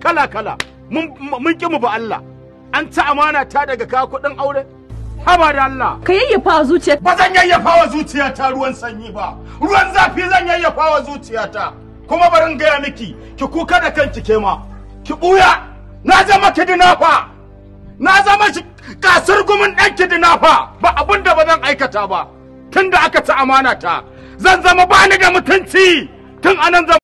kala kala mun ki mu ba Allah an ci amana ta daga ka kuɗin aure haba da Allah ka yayyafa wa zuciya ba zan yayyafa wa zuciya ta ruwan sanyi ba ruwan zafi zan yayyafa wa zuciya ta kuma barin gaya miki ki kuka da kanki ke ma ki buya na zama kidnafa na zama kasar gumin dan kidnafa ba abin da ba zan aikata ba tunda aka ci amana ta zan zama bani da mutunci tun anan